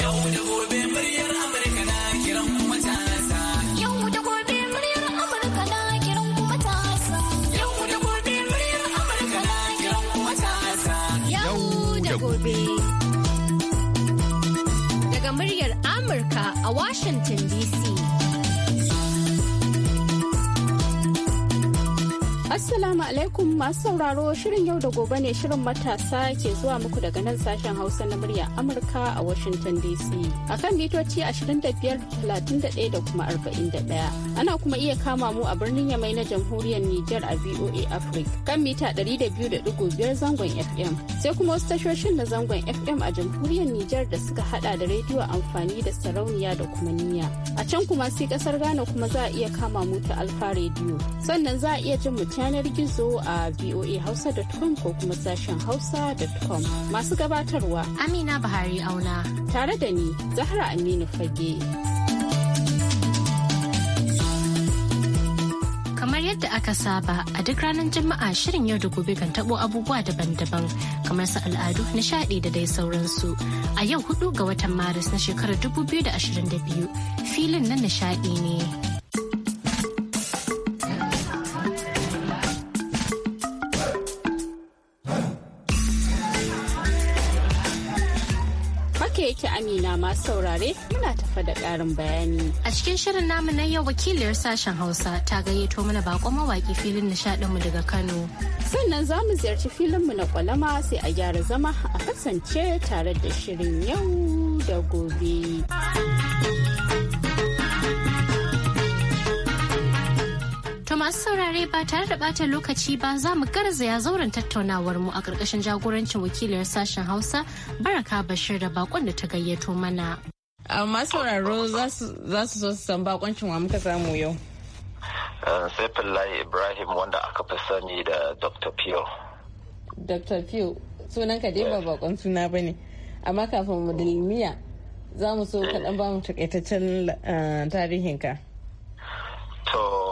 Yau da gobe muryar Amurka na kiran matasa. Yau da gobe muryar Amurka na kiran matasa. Yau da gobe muryar Amurka na kiran matasa. Yau da gobe. Daga muryar Amurka a Washington Assalamu alaikum masu sauraro shirin yau da gobe ne shirin matasa ke zuwa muku daga nan sashen Hausa na murya Amurka a Washington DC. A kan mitoci 25,31 da kuma 41. Ana kuma iya kama mu a birnin Yamai na jamhuriyar Nijar a VOA Africa kan mita 200.5 zangon FM. Sai kuma wasu tashoshin na zangon FM a jamhuriyar Nijar da suka hada da rediyo amfani da sarauniya da kuma niya. A can kuma sai kasar Ghana kuma za a iya kama mu ta Alfa Radio. Sannan za a iya jin mutane. yanar gizo a voahausa.com ko kuma sashen hausa.com masu gabatarwa amina bahari auna tare da ni zahra aminu fage kamar yadda aka saba a duk ranar juma'a shirin yau da gobe kan tabo abubuwa daban-daban kamar su al'adu nishadi da dai sauransu a yau hudu ga watan maris na shekarar 2022 filin na nishadi ne masu saurare muna tafa da ƙarin bayani. A cikin shirin namu na yau wakiliyar sashen Hausa ta gayyato mana bakon mawaƙi filin nishaɗinmu daga Kano. Sannan za mu ziyarci filinmu na kwalama sai a gyara zama a kasance tare da shirin yau da gobe. To masu saurare ba tare da bata lokaci ba za mu garzaya zauren tattaunawar mu a ƙarƙashin jagorancin wakiliyar sashen Hausa Baraka Bashir da bakon da ta gayyato mana. Amma ah, sauraro za su so su san bakoncin wa muka samu yau. Ah, Saifullahi Ibrahim wanda aka fi sani da Dr. Pio. Dr. Pio sunan ka dai ba eh. bakon suna ba ne. Amma kafin mu za mu so kaɗan ba mu takaitaccen ah, tarihinka. To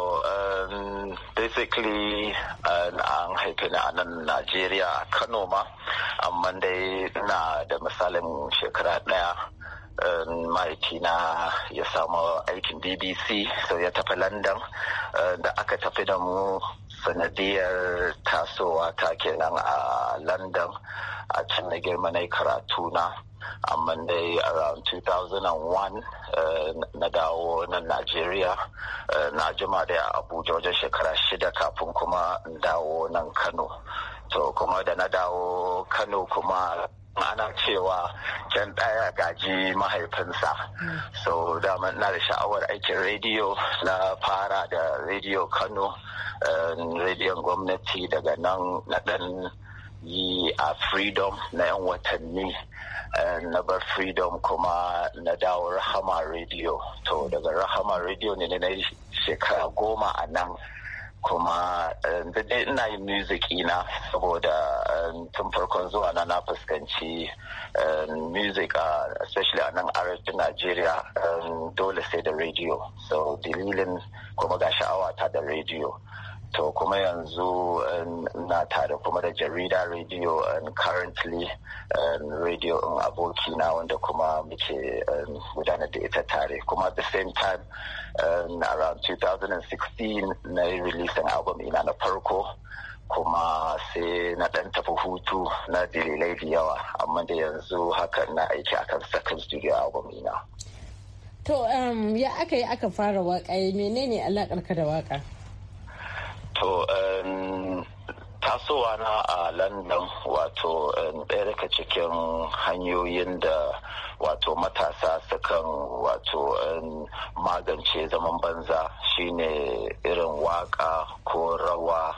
basically an haife ni a nan najeriya kano ma amma dai na da misalin shekara daya um, mahaifina ya samu aikin bbc Sauya ya tafi london uh, da aka tafi da mu sanadiyar tasowa ta kenan a london a can na girma na karatu na amma dai around 2001 eh, na dawo nan Najeriya eh, na jima da Abuja wajen shekara shida kafin kuma dawo nan Kano. To kuma da na dawo Kano kuma ma'ana cewa can ɗaya gaji mahaifinsa so dama na da sha'awar aikin rediyo na fara da rediyo kano eh, rediyon gwamnati daga nan na ɗan yi a freedom na 'yan watanni eh, na bar freedom kuma na dawo rahama radio to daga rahama radio ne na shekara goma a nan kuma eh, dai ina yin music ina saboda eh, tun farkon zuwa na na fuskanci eh, music especially a nan arewacin Najeriya dole sai da radio so dalilin kuma ga sha'awa ta da radio to kuma yanzu eh, na tare kuma da jarida radio and eh, currently eh, radio in aboki na wanda kuma muke gudanar da ita tare kuma at the same time around 2016 na yi releasing album ina na farko kuma sai na dan tafi hutu na dalilai da yawa amma da yanzu hakan na aiki akan second studio album ina to um, ya aka yi aka fara waka menene alakarka da waka To, um, tasowa na a London wato um, ɗaya daga cikin hanyoyin da wato matasa sukan wato um, magance zaman banza shine irin waka ko rawa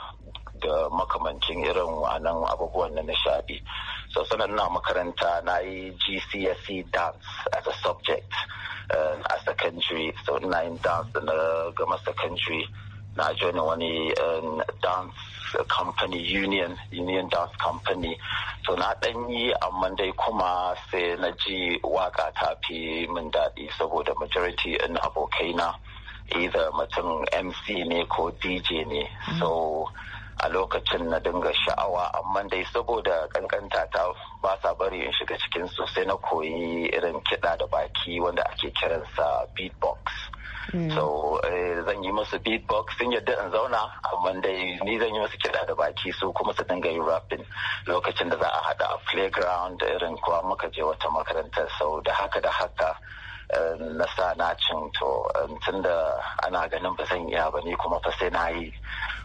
da makamancin irin wannan abubuwan na nishadi so sanan na makaranta na yi gcse dance as a subject uh, a secondary so na yin dance na gama secondary na join wani um, dance company union union dance company so na dan yi amma dai kuma sai na ji waka ta fi min daɗi saboda majority in abokaina either mutum mc ne ko dj ne mm. so a lokacin na dinga sha'awa amma dai saboda kankanta ta ba sa bari in shiga cikin sosai na koyi irin kiɗa da baki wanda ake kiransa beatbox Mm. so eh, zan yi musu beatbox sun yadda in zauna amma dai ni zan yi musu kiɗa da baki su kuma su dinga yin rapping lokacin da za a haɗa a playground irin kuwa muka je wata makarantar sau da haka da haka eh, na sa na cin to eh, da ana ganin ba zan iya ba ni kuma fa sai na yi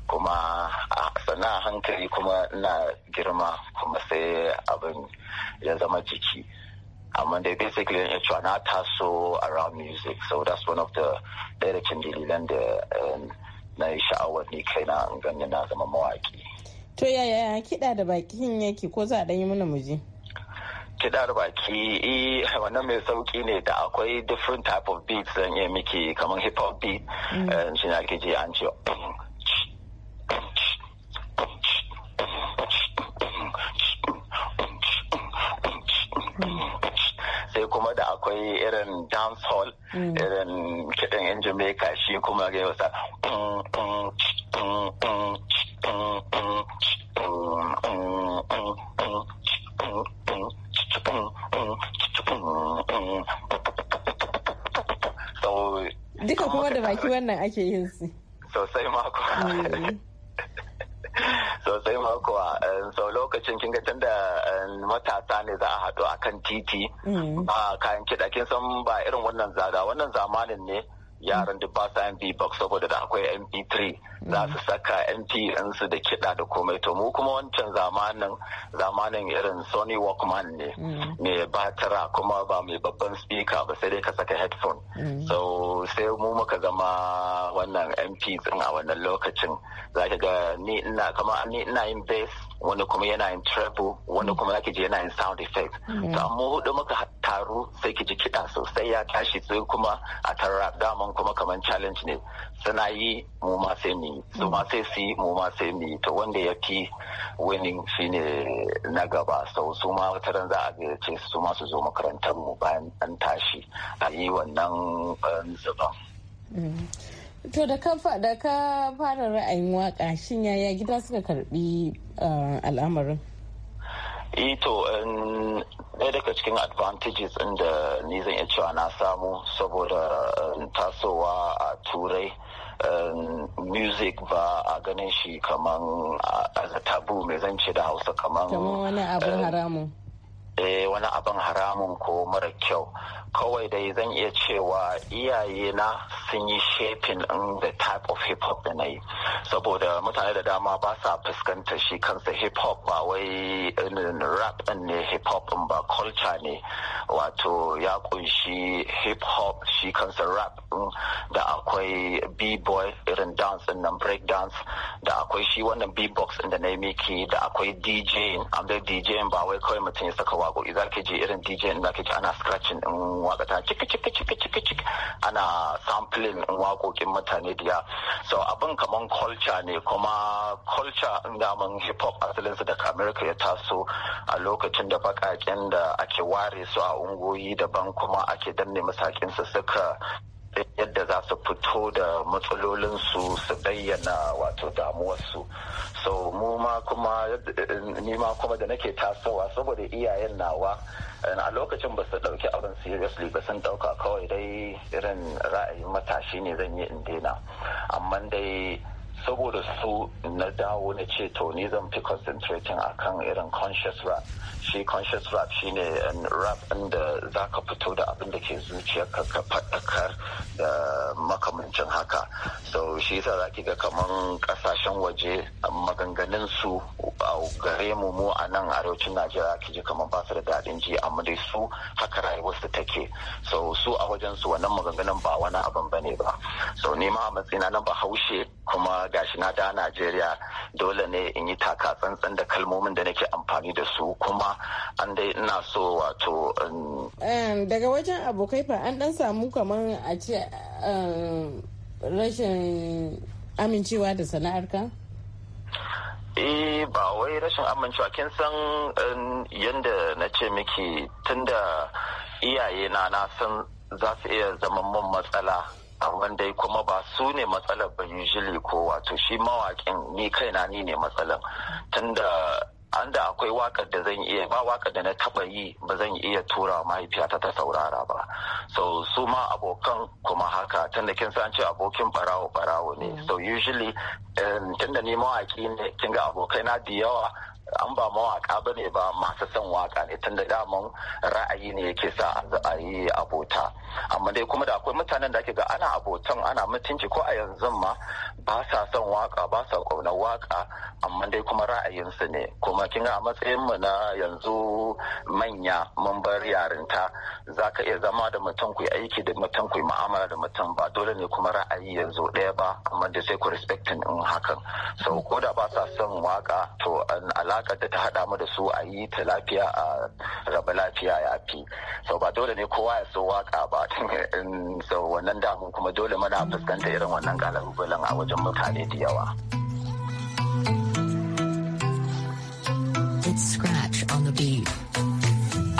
kuma a sana hankali kuma ina girma kuma sai abin ya zama jiki amma dai basically ya cewa na taso around music so that's one of the ɗaya da um, na yi sha'awar ni kaina in gani na zama mawaƙi. to yaya kiɗa da bakin yake ko za a ɗan yi mana muji da baki eh, wannan mai sauƙi ne da akwai different type of beats zan iya miki kamar hip hop beat mm. eh, shi ne ake an ce kuma da akwai irin dancehall mm. irin kiɗan yan jamaica shi kuma ga wasa duka kuma da baki wannan ake yin su sosai mako sosai ma eh, sau lokacin kin ga tunda eh, matasa ne za a haɗu a kan titi mm. ba kayan kiɗa kin san ba irin wannan zaga wannan zamanin ne yaran duk ba sa mp saboda da akwai mp3 za su saka mp su da kiɗa da komai to mu kuma wancan zamanin zamanin irin sony walkman ne mm. mai batara kuma ba mai babban speaker ba sai dai ka saka headphone mm. so sai mu muka zama wannan mp ɗin a wannan lokacin za ka ga ni ina kama ni ina yin bass wani kuma yana yin treble wani kuma zaki ji yana yin sound effect mm. to amma hudu muka taru sai ki ji kiɗa sosai ya tashi sai kuma a tarra daman kuma kamar challenge ne suna yi mu ma sai mu su ma sai su mu ma sai mu to wanda ya fi winning shine na gaba sau su ma wata ran za a gayyace su ma su zo makarantar mu bayan an tashi a yi wannan um, zuban mm. To da ka fara ra'ayin waka shin yaya gida suka karbi eh, al'amarin? Eh to um, ɗaya daga cikin advantages ɗin da ni zan iya cewa na samu saboda um, tasowa a turai um, music ba a ganin shi kaman a taboo mai zance da hausa kaman wani abin haramun eh wani abin haramun ko mara kyau kawai dai zan iya cewa iyaye na sun yi shaping in the type of hip hop da na yi saboda mutane da dama ba sa fuskantar shi kansa hip hop ba wai rap din ne hip hop din ba culture ne wato ya kunshi hip hop shi kansa rap din da akwai b-boy irin dance din nan break dance da akwai shi wannan b-box din da na yi miki da akwai dj amma dj ba wai kawai mutum ya saka waƙoƙi za ka je irin DJ za ka ji ana scratching din waƙa ta ciki ciki ciki ana sampling din waƙoƙin mutane diya so abin kaman culture ne kuma culture in daman hip hop asalin su daga America ya taso a lokacin da baƙaƙen da ake ware su a ungoyi daban kuma ake danne masakin su suka yadda za su fito da matsalolinsu su bayyana wato damuwarsu so mu ma kuma ni ma kuma da nake tasowa saboda iyayen nawa a lokacin ba su dauki auren seriously ba sun dauka kawai dai irin ra'ayin matashi ne zan yi in daina amma dai saboda su na dawo na ce to ni zan fi concentrating kan irin conscious rap shi conscious rap shine um, rap inda za ka fito da abin da ke zuciyarka ka faɗakar da makamancin haka so shi yasa za ki ga kaman ƙasashen waje um, maganganun su a gare mu mu a nan arewacin najeriya ki ji kaman ba su da daɗin ji amma dai su haka rayuwar su take so su a wajen su wannan maganganun ba wani abin bane ba so ni ma a matsayina na bahaushe kuma gashi na da Najeriya dole ne in yi taka tsantsan da kalmomin da nake amfani da su kuma an dai ina so wato um, daga wajen abokai fa an dan samu kamar a ce rashin amincewa da sana'arka? eh ba wai rashin amincewa kin san yadda na ce miki tunda iyaye na na san za su iya zama mun matsala wanda kuma ba su ne matsalar ba usually ko wato shi mawakin ni kaina ni ne matsalar tunda an da akwai wakar da zan iya ba wakar da na taba yi ba zan iya tura mahaifiyata ta saurara ba so su ma abokan kuma haka tunda kin san ce abokin barawo barawo ne so usually um, tunda ni mawaki ne kin ga abokai na da yawa an ba mawaka ba ne ba masu son waka ne tunda daman ra'ayi ne yake sa a yi abota amma dai kuma da akwai mutanen da ake ga ana abotan ana mutunci ko a yanzu ma ba sa son waka ba sa ƙaunar waka amma dai kuma ra'ayinsu ne kuma kin a matsayin mu na yanzu manya mun bar yarinta za ka iya zama da mutum ku aiki da mutum ku mu'amala da mutum ba dole ne kuma ra'ayi yanzu ɗaya ba amma dai sai ku respecting in hakan so ko da ba sa son waka to alakar da ta haɗa mu da su a yi ta lafiya a raba lafiya ya fi so ba dole ne kowa ya so waka ba so wannan damu kuma dole muna fuskanta irin wannan kalubalen a wajen mutane da yawa. It's scratch on the beat.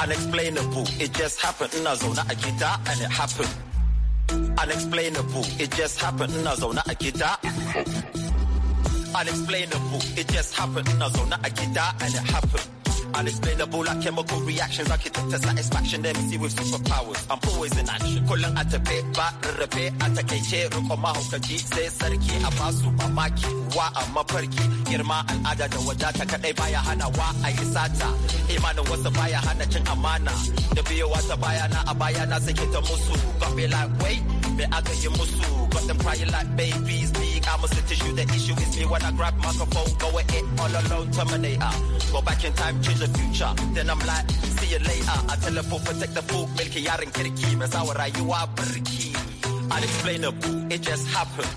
Unexplainable, it just happened. Ina zaune a gida and it happened. Unexplainable, it just happened. Ina zaune a gida. Unexplainable, it just happened. Ina zaune a gida and it happened. Unexplainable, like chemical reactions. Architect of satisfaction, see with superpowers. I'm always in action. Kullum a tafe, ba rarrafe, a takaice, rukon mahaukaci, sai sarki a basu mamaki, wa a mafarki. Girma al'ada da wadata buy a hana wa a yi sata. Imanin wasu buyer, hana cin amana. Da biyowa ta a buyer, a baya na sake ta musu. Gabe like, wait. I got your muscle. Got them crying like babies, big. I'm a tissue. The issue is me when I grab microphone, go it all alone, terminator. Go back in time, change the future. Then I'm like, see you later. I teleport, protect the book, milky yarin kiriki. Masawara, you are the Unexplainable, it just happened.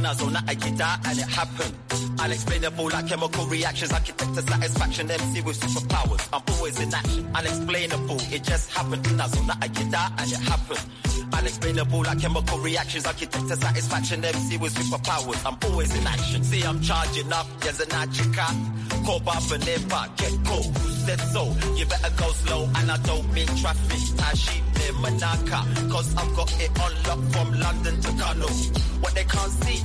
Nazona, I get that, and it happened. Unexplainable, like chemical reactions, take to satisfaction, MC with superpowers. I'm always in action. Unexplainable, it just happened. Nazona, I get that, and it happened. Unexplainable like chemical reactions. Architect of satisfaction. MC with superpowers. I'm always in action. See, I'm charging up. Yes, an chica. Call up and impact. Get cool. Said so. You better go slow. And I don't mean traffic. I sheep in Manaka. Cause I've got it unlocked from London to Kano. What they can't see.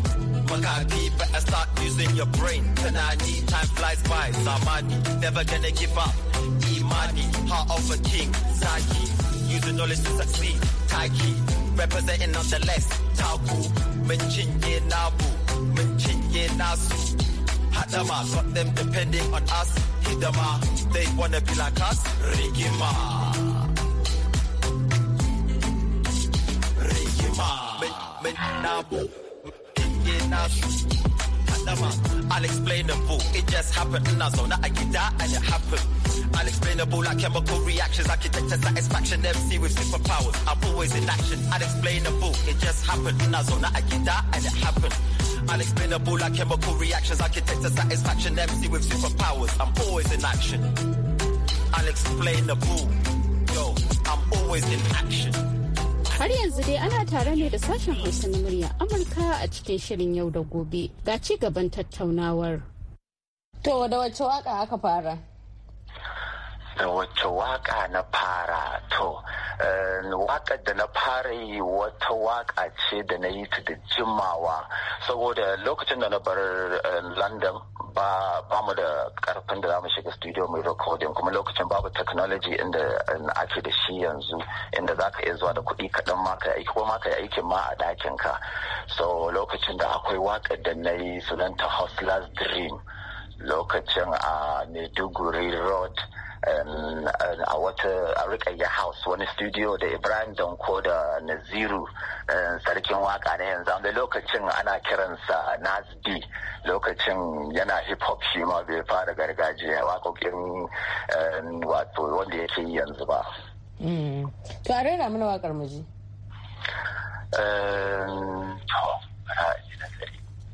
Magadi, better start using your brain. Tanani, time flies by. Samani, never gonna give up. Imani, heart of a king. Zaki, use the knowledge to succeed khaki representing on the left taku mun cinye namu mun cinye nasu hadama got them depending on us hidama they wanna be like us rigima rigima mun namu cinye nasu dama unexplainable. It just happened in a zone. I get that and it happened. Unexplainable like chemical reactions. Architecture satisfaction. MC with superpowers. I'm always in action. Unexplainable. It just happened in a zone. I get that and it happened. Unexplainable like chemical reactions. Architecture satisfaction. MC with superpowers. I'm always in action. Unexplainable. Yo, I'm always in action. Har yanzu dai ana tare ne da sashen Hausa na murya Amurka a cikin shirin yau da gobe ga ci gaban tattaunawar. To da wacce waka aka fara? Eh, wacce waka na fara to eh, wakar da na fara yi wata waka ce da na yi ta da jimawa saboda lokacin da na bar eh, london ba mu da karfin da zamu shiga studio mai recording kuma lokacin babu technology inda ake da shi yanzu inda za ka iya zuwa da kuɗi kaɗan ma ka aiki ma aikin ma a ɗakin ka so lokacin da akwai wakar da na yi sunanta hustler's dream lokacin a maiduguri road Um, a wata rikayya house wani studio da ibrahim donko da naziru um, sarkin waka na yanzu da lokacin ana kiransa nasd lokacin yana hip hop shi ma bai fara gargajiya waƙoƙin um, wato wanda yake yanzu ba mm. to a raina mana wakar maji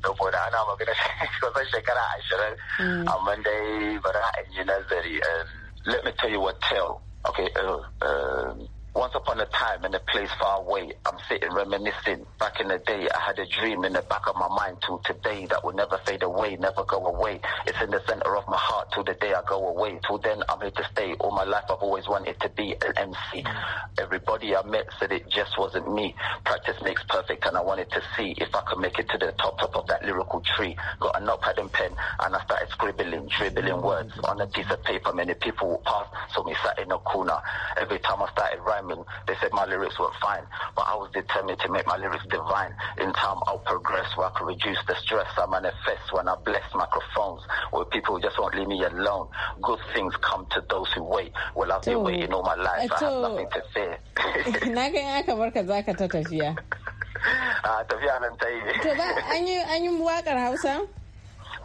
saboda ana magana kusan shekara ashirin mm. amma dai bari a yi nazari let me tell you what tell. Okay, uh, uh, once upon a time in a place far away, I'm sitting reminiscing. Back in the day, I had a dream in the back of my mind till today that will never fade away, never go away. It's in the center of my heart till the day I go away. Till then, I'm here to stay. All my life, I've always wanted to be an MC. Mm. Everybody I met said it just wasn't me. Practice makes perfect, and I wanted to see if I could make it to the top, top of that lyrical tree. Got a notepad and pen, and I started scribbling, dribbling words on a piece of paper. Many people passed, so saw me sat in a corner. every time I started rhyming, they said my lyrics weren't fine. But I was determined to make my lyrics divine. In time, I'll progress where I can reduce the stress. I manifest when I bless microphones, where people just won't leave me alone. Good things come to those who wait. Well, I've been waiting all my life. I have nothing to fear. Na ga ya kamar ka zaka ta tafiya. Ah, to ba an yi wakar Hausa?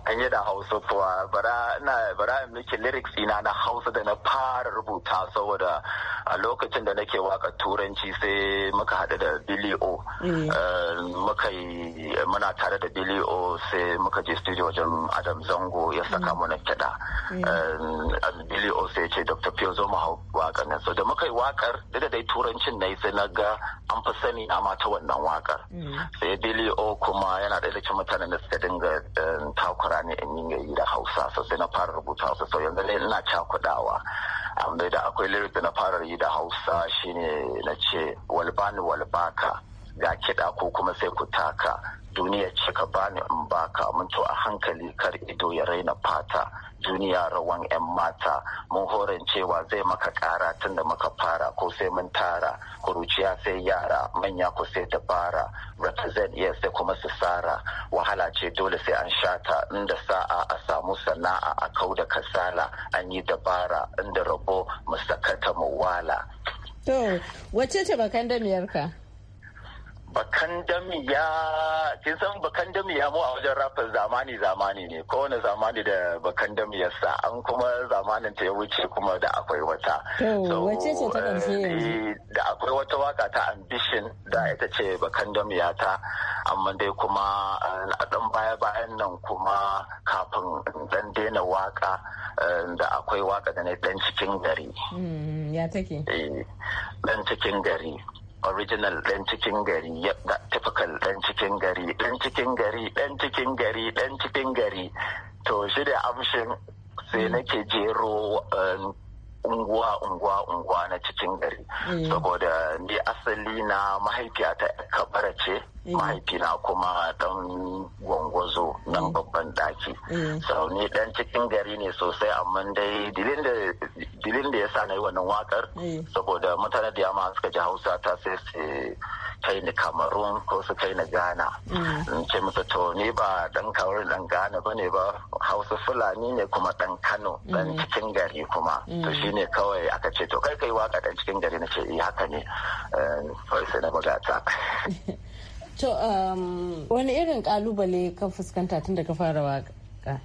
an yi da hausa kuwa bara ina in miki lyrics ina na hausa da na fara rubuta saboda a lokacin da nake waka turanci sai muka hada da Billy O eh. Eh, muka yi muna tare da Billy O sai muka je studio wajen Adam Zango ya saka mm. mana kiɗa eh. Billy O sai ce Dr. Pio zo mu hau wakar nan so da muka yi wakar da dai turancin na sai na ga an fi sani a mata wannan wakar mm. sai Billy O kuma yana da cikin mutanen da suka dinga takura ne in yi yayi da hausa sosai na fara rubuta hausa so yanzu ina cakudawa amma da akwai lyrics da na fara yi da hausa shine na ce walbani walbaka ga kiɗa ko kuma sai ku taka duniya ce ka bani in baka mun a hankali kar ido ya raina fata duniya rawan 'yan mata mun horan cewa zai maka kara tun da muka fara ko sai mun tara kuruciya sai yara manya ko sai dabara represent yes sai kuma su sara wahala ce dole sai an shata inda sa'a a samu sana'a a kau da kasala an yi dabara inda rabo mu sakata mu wala to wacce ce bakan damiyarka bakan ya kin san bakan ya mu a wajen rafin zamani zamani ne kowane zamani da bakan sa an kuma zamanin ta ya wuce kuma da akwai wata wace ce ta eh, da akwai wata waka ta ambition da ita ce bakan ya ta amma dai kuma eh, a dan baya bayan nan kuma kafin dan daina waka eh, da akwai waka da ne dan cikin gari mm, ya take dan cikin gari original ɗan cikin gari yadda typical ɗan cikin gari ɗan cikin gari ɗan cikin gari ɗan cikin gari to shi da amshin sai mm. nake jero um, unguwa unguwa unguwa na cikin gari eh. saboda ni asali na mahaifiyata kabara ce eh. mahaifina kuma dan gwangwazo nan eh. babban daki sau ni dan cikin gari ne sosai amma dai dilin da ya sa na yi wannan wakar saboda mutane da yamma suka ji hausa ta sai su kai ni kamarun ko su kai ni ghana in ce musu to ni ba dan kawar dan gana ba ne ba hausa fulani ne kuma dan kano dan cikin gari kuma to shi ne kawai aka ce to kai kai waka dan cikin gari na ce eh haka ne ehm, sai na buga ta to ehm, wani irin kalubale ka fuskanta tun da ka fara waka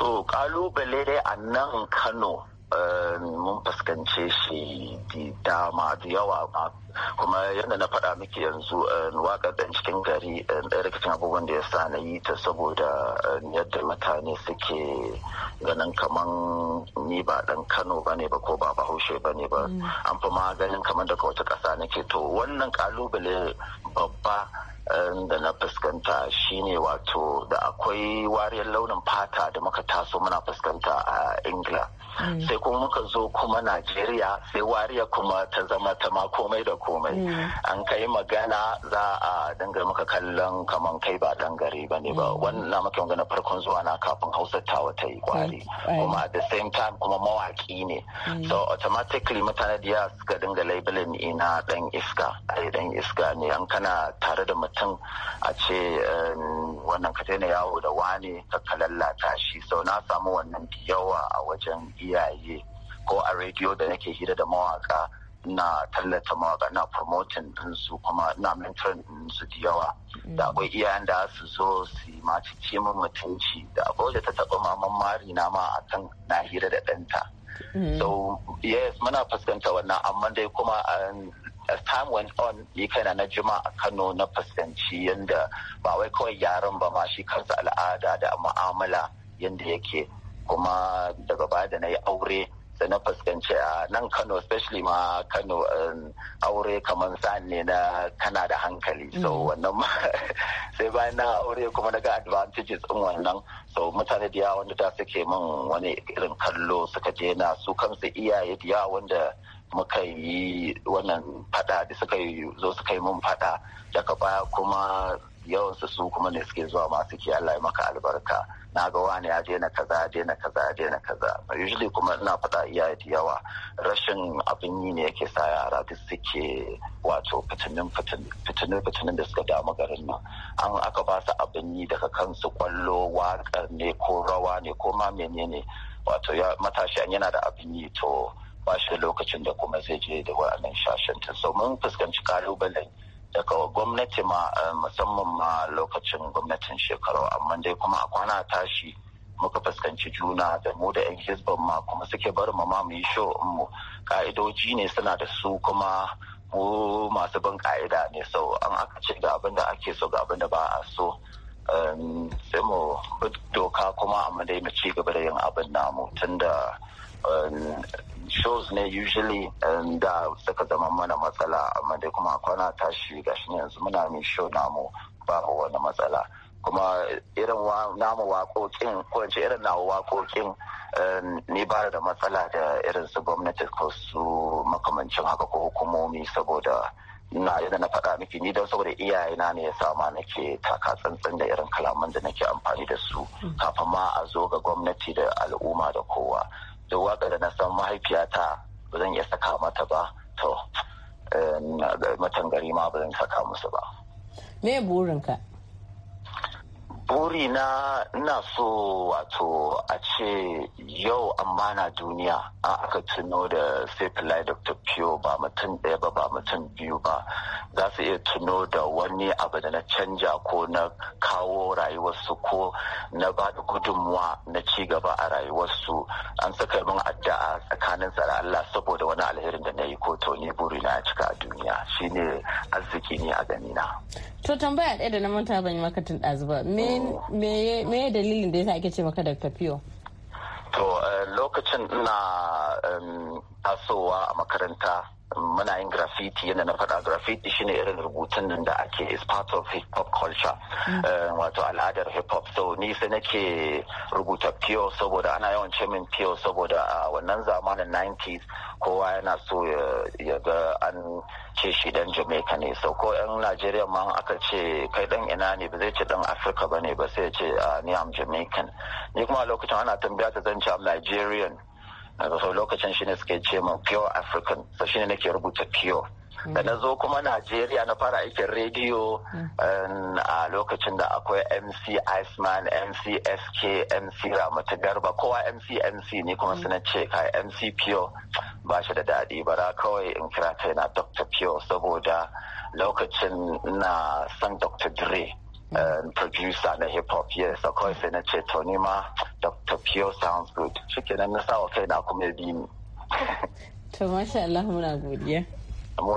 to kalubale dai a nan Kano mun fuskance shi dama da yawa ba kuma yadda na faɗa miki yanzu eh, waƙar ɗan cikin gari rikicin eh, abubuwan da ya sa na yi ta saboda eh, yadda mutane suke ganin kaman ni ba ɗan kano ba ne ba ko ba bahaushe ba ne ba mm. an fi ma ganin kaman daga wata ƙasa nake to wannan ƙalubale babba da na fuskanta shine wato da akwai wariyar launin fata da muka taso muna fuskanta a ingila mm. sai kuma muka zo kuma najeriya sai wariya kuma ta zama ta ma komai da komai mm. an kai magana za a dinga muka kallon kaman kai ba dan gari ba ne mm. ba wannan muke magana farkon zuwa na kafin hausa tawa ta yi kwari kuma at the same time kuma mawaki ne so automatically mutane da suka dinga labelin ina dan iska dan iska ne an kana tare da mutane. mutum a ce eh, wannan ka daina yawo da wane ka lalata shi sau na samu wannan yawa a wajen iyaye ko a rediyo da nake hira da mawaka na tallata mawaka na promoting ɗinsu kuma na mentoring ɗinsu da yawa mm. da akwai iyayen da su zo su yi ma cike mutunci da akwai ta taba maman mari na ma akan na hira da ɗanta mm. so yes muna fuskanta wannan amma dai kuma um, as time went on ni na jima a kano na fuskanci yadda ba wai kawai yaren ba ma shi kansa al'ada da mu'amala yadda yake kuma daga baya da na yi aure da na fuskanci a nan kano especially ma kano um, aure kamar sa'an ne na kana da hankali so mm. wannan sai bayan na aure kuma daga advantages din wannan so mutane da yawon wanda da suke min wani irin kallo suka je na su kansu iyaye da yawon wanda muka yi wannan fada da suka yi zo suka yi mun fada daga baya kuma yawansu su kuma ne suke zuwa masu ke Allah ya maka albarka na ga wani ya daina kaza ya daina kaza ya daina kaza usually kuma ina faɗa iyaye da yawa rashin abin yi ne yake sa yara duk suke wato fitinin fitinin da suka damu garin nan an aka ba su abin yi daga kansu kwallo waƙar ne ko rawa ne ko ma menene wato matashi yana da abin yi to bashi lokacin da kuma zai je da wa'annan ta sau mun fuskanci kalubalen daga gwamnati ma eh, musamman ma lokacin gwamnatin shekaru amma dai kuma a kwana tashi muka fuskanci juna da mu da 'yan hisban ma kuma suke bar mu ma mu yi show mu ka'idoji ne suna da su kuma mu masu bin ka'ida ne sau an aka ce ga abin da ake so ga abin da ba a so um, sai mu doka kuma amma dai mu ci gaba da yin abin namu tunda Um, shows ne usually um, da suka zama mana matsala amma dai kuma kwana tashi gashi yanzu muna min show namu babu wani matsala kuma irin namu waƙoƙin ko irin nawa waƙoƙin um, ni ba da matsala da irin su gwamnati ko su makamancin haka ko hukumomi saboda na yadda na faɗa miki ni don saboda iyaye na ne ya sama nake taka tsantsan da irin kalaman da nake amfani da su mm. kafin ma a zo ga gwamnati da al'umma da kowa da waka da na san mahaifiyata ba zan iya saka mata ba to eh, matan gari ma ba zan saka musu ba me burinka buri na ina so wato a ce yau amana duniya a aka tuno da sai dr pio ba mutum ɗaya ba ba mutum biyu ba za su iya tuno da wani abu da na canja ko na kawo rayuwarsu ko na ba da gudunmuwa na ci gaba a rayuwarsu an saka min addu'a tsakanin tsara Allah saboda wani alherin da na yi ko to ni buri na cika a duniya shine arziki ne a ganina. to tambaya ɗaya da na manta ban yi maka tun ɗazu ba me dalilin da yasa ake ce maka da kafiyo? To eh, lokacin ina tasowa a makaranta muna yin graffiti yana na faɗa graffiti shine irin rubutun nan da ake is part of hip hop culture mm. eh, wato al'adar hip hop so ni sai nake rubuta pure saboda ana yawan ce min pure saboda a wannan zamanin 90s kowa yana so ya ga an ce shi dan jamaica ne so ko yan najeriya ma aka ce kai dan ina ne ba zai ce dan afirka ba ne ba sai ce ah, ni am jamaican ni kuma lokacin ana tambaya ta zan ce am nigerian daga sau lokacin shine suke ce ma pure african so shine nake rubuta pure da mm. na zo kuma najeriya na fara aikin rediyo mm. um, a lokacin da akwai mc iceman mc sk mc ramatu garba kowa mc mc ne kuma suna mm. ce kai mc pure ba shi da daɗi bara kawai in kira na dr pure saboda lokacin na san dr dre and producer na hip hop yes Of course, in a to ma Dr. Pio sounds good shikenan na sawa kai na kuma ya bi ni Allah muna godiya mu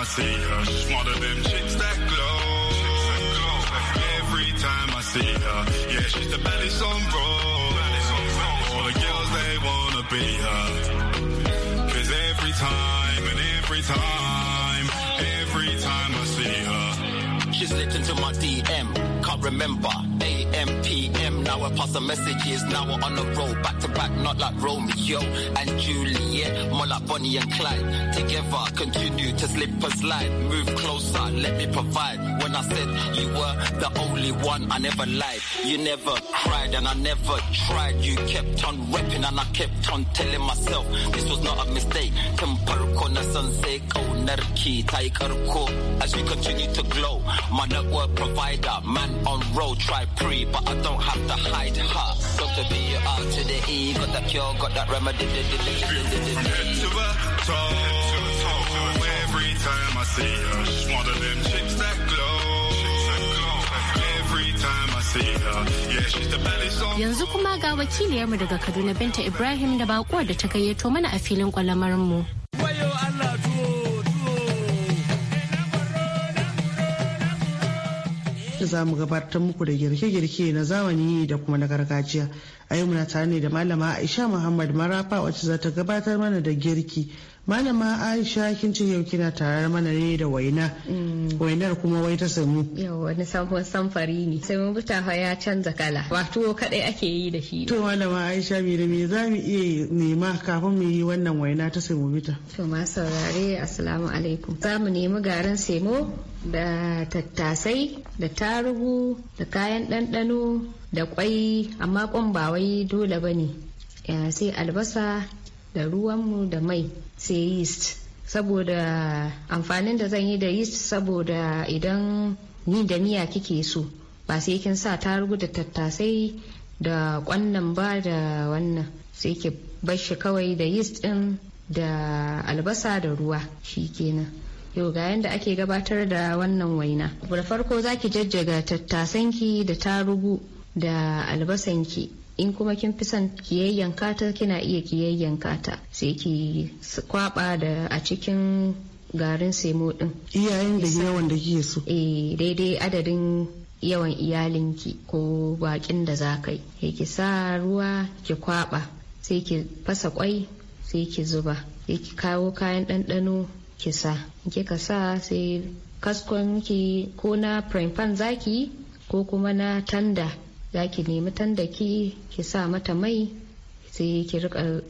I see her, she's one of them chicks that glow. Every time I see her, yeah, she's the baddest on road. Cause every time and every time, every time I see her. She slipped into my DM, can't remember. AM, PM, now I pass the messages. Now we're on the road, back to back, not like Romeo and Juliet, more like Bonnie and Clyde. Together, continue to slip and slide. Move closer, let me provide and I said you were the only one. I never lied, you never cried, and I never tried. You kept on rapping and I kept on telling myself this was not a mistake. Oh, As you continue to glow, my network provider, man on road, try pre, but I don't have to hide her. Doctor B, you out to the E, got that cure, got that remedy. head to the toe, every time I see her. Yanzu kuma ga wakiliyarmu daga Kaduna Binta Ibrahim da bakuwar da ta gayyato mana a filin mu. za mu gabatar muku da girke-girke na zamani da kuma na gargajiya a yau muna tare ne da malama aisha muhammad marafa wacce za ta gabatar mana da girki malama aisha kin ce yau kina tarar mana ne da waina mm. wainar kuma wai ta samu yau wani sabon samfari ne sai mun buta ya canza kala wato kadai ake yi da shi to malama aisha me da me za mu iya nema kafin mu yi wannan waina ta samu bita to ma saurare assalamu alaikum za mu nemi garin semo da tattasai da tarugu da kayan ɗanɗano da kwai amma kwan ba wai dole ba ne sai albasa da ruwanmu da mai sai yeast saboda amfanin da zan yi da yeast saboda idan ni da miya kike so ba sai kin sa tarugu da tattasai da kwannan ba da wannan sai ke bashi kawai da yeast din da albasa da ruwa shi shikenan yau ga yadda ake gabatar da wannan waina da farko za ki jajjaga tattasanki da tarugu da albasanki in kuma kin fi son kiyayyen kata kina iya kiyayyanka ta sai ki kwaba da a cikin garin semo din iyayen da yawan da kike so eh daidai adadin yawan iyalinki ko bakin da za ka yi ki sa ruwa ki kwaba sai ki fasa kwai sai ki zuba sai ki kawo kayan ɗanɗano ki sa kika sa sai kaskon ki ko na prime pan zaki ko kuma na tanda za ki nemi tandaki ki sa mata mai sai ki rika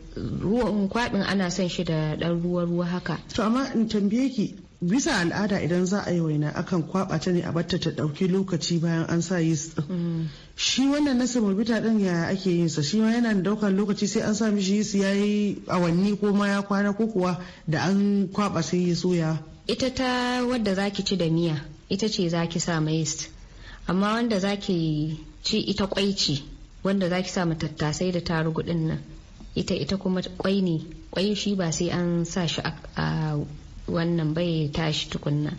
ruwan kwaɗin ana son shi da ɗan ruwa ruwa haka to amma in tambaye ki bisa al'ada idan za a yi waina akan kwaɓa ta ne a batta ta ɗauki lokaci bayan an sa yeast mm. shi wannan na samobita ɗin ya ake yin sa shi ma yana da daukan lokaci sai an sa mishi su ya yi awanni ko ma ya kwana ko kuwa da an kwaɓa sai ya soya ita ta wadda zaki ci da miya ita ce zaki sa ma yeast amma wanda zaki ci ita kwai ce wanda za ki sa matattasai tattasai da tarugu din nan ita ita kuma kwai ne kwai shi ba sai an sa shi a wannan bai tashi tukunna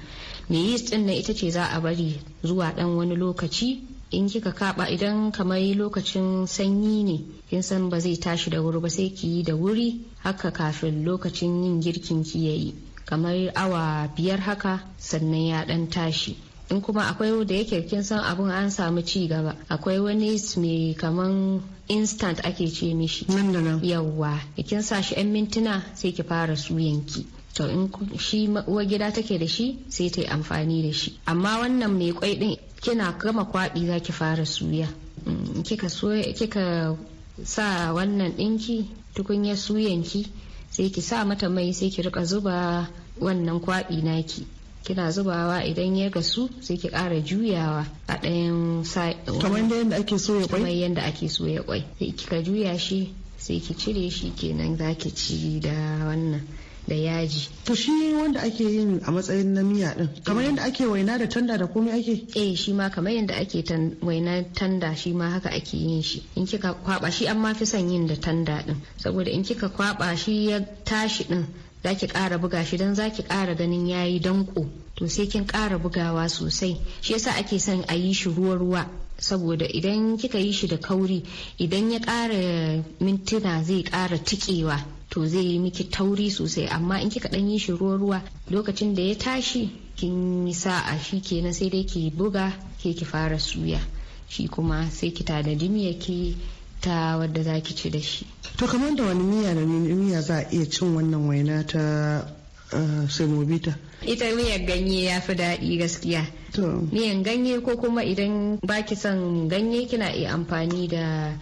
me yeast din nan ita ce za a bari zuwa dan wani lokaci in kika kaba idan kamar lokacin sanyi ne kin san ba zai tashi da wuri ba sai ki yi da wuri haka kafin lokacin yin girkin ki yayi kamar awa biyar haka sannan ya dan tashi in kuma akwai wanda yake kin san abun an samu ci gaba akwai wani mai kaman instant ake ce mishi nan da nan yawwa kin sa shi 'yan mintuna sai ki fara suyanki to in shi uwa gida take da shi sai ta yi amfani da shi amma wannan mai kwai din kina gama kwaɗi za ki fara suya mm, kika kika sa wannan ɗinki tukunyar suyanki sai ki sa mata mai sai ki rika zuba wannan kwaɗi naki kina zubawa idan ya gasu sai ki ƙara juyawa a ɗayan kamar yadda ake so ya kwai kamar yadda ake so ya kwai sai kika juya shi sai ki cire shi kenan za ki ci da wannan da yaji. To shi wanda ake yin a matsayin na miya din kamar yadda ake waina da tanda da komai ake? Eh shi ma kamar yadda ake waina tanda shi ma haka ake yin shi. In kika kwaba shi an mafi fi son yin da tanda din saboda in kika kwaba shi ya tashi din za ki ƙara buga shi don za ki ƙara ganin ya yi danko to sai kin ƙara bugawa sosai shi yasa ake son a yi shi ruwa-ruwa saboda idan kika yi shi da kauri idan ya ƙara mintuna zai ƙara tikewa to zai yi miki tauri sosai amma in kika ɗan yi shi ruwa-ruwa lokacin da ya tashi kin yi sa'a shi kenan sai dai ki buga ke ki fara suya shi kuma sai ki tanadi miyar ki ta wadda za ki ci da shi to kamar da wani miya da miya za a iya cin wannan waina ta eh, semovita ita miyan ganye ya fi daɗi gaskiya miyan ganye ko kuma idan baki son ganye kina iya amfani da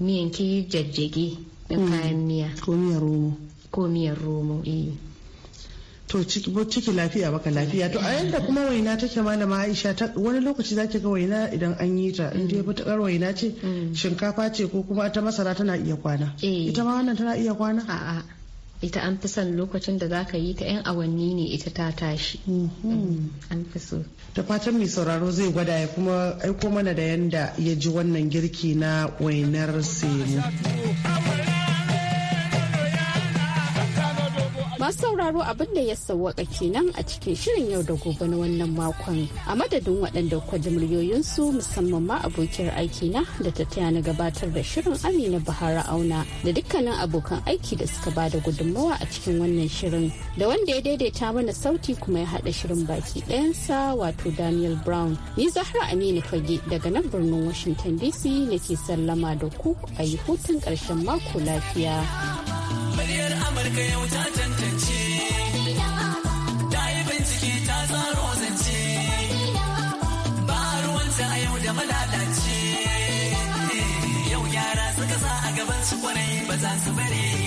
miyan ki jajjage na mm. kayan miya ko miyar romo ko miyar romo eh to ciki lafiya baka lafiya to a yanda kuma waina take malama Aisha wani lokaci zaki ga waina idan an yi ta in dai fitakar waina ce mm. shinkafa ce ko kuma ta masara tana iya kwana eh. ita ma wannan tana iya kwana a'a ita an fi son lokacin da za ka yi ta 'yan awanni ne ita ta tashi mm-hmm. Mm-hmm. an fi so Ta fatan mai sauraro zai gwada ya kuma aiko mana da yanda ya ji wannan girki na wainar semu. masu sauraro abin da ya sauwaka kenan a cikin shirin yau da gobe na wannan makon a madadin waɗanda kwa muryoyinsu musamman ma abokiyar aiki na da ta taya na gabatar da shirin amina bahara auna da dukkanin abokan aiki da suka ba da gudunmawa a cikin wannan shirin da wanda ya daidaita mana sauti kuma ya haɗa shirin baki ɗayansa wato daniel brown ni zahra aminu fage daga nan birnin washington dc nake sallama da ku a yi hutun ƙarshen mako lafiya. ka yau ta tantance ta yi bincike ta tsaro zance ba ruwanta a yau da malalace yau yara suka sa a gaban su kwarai ba za su bare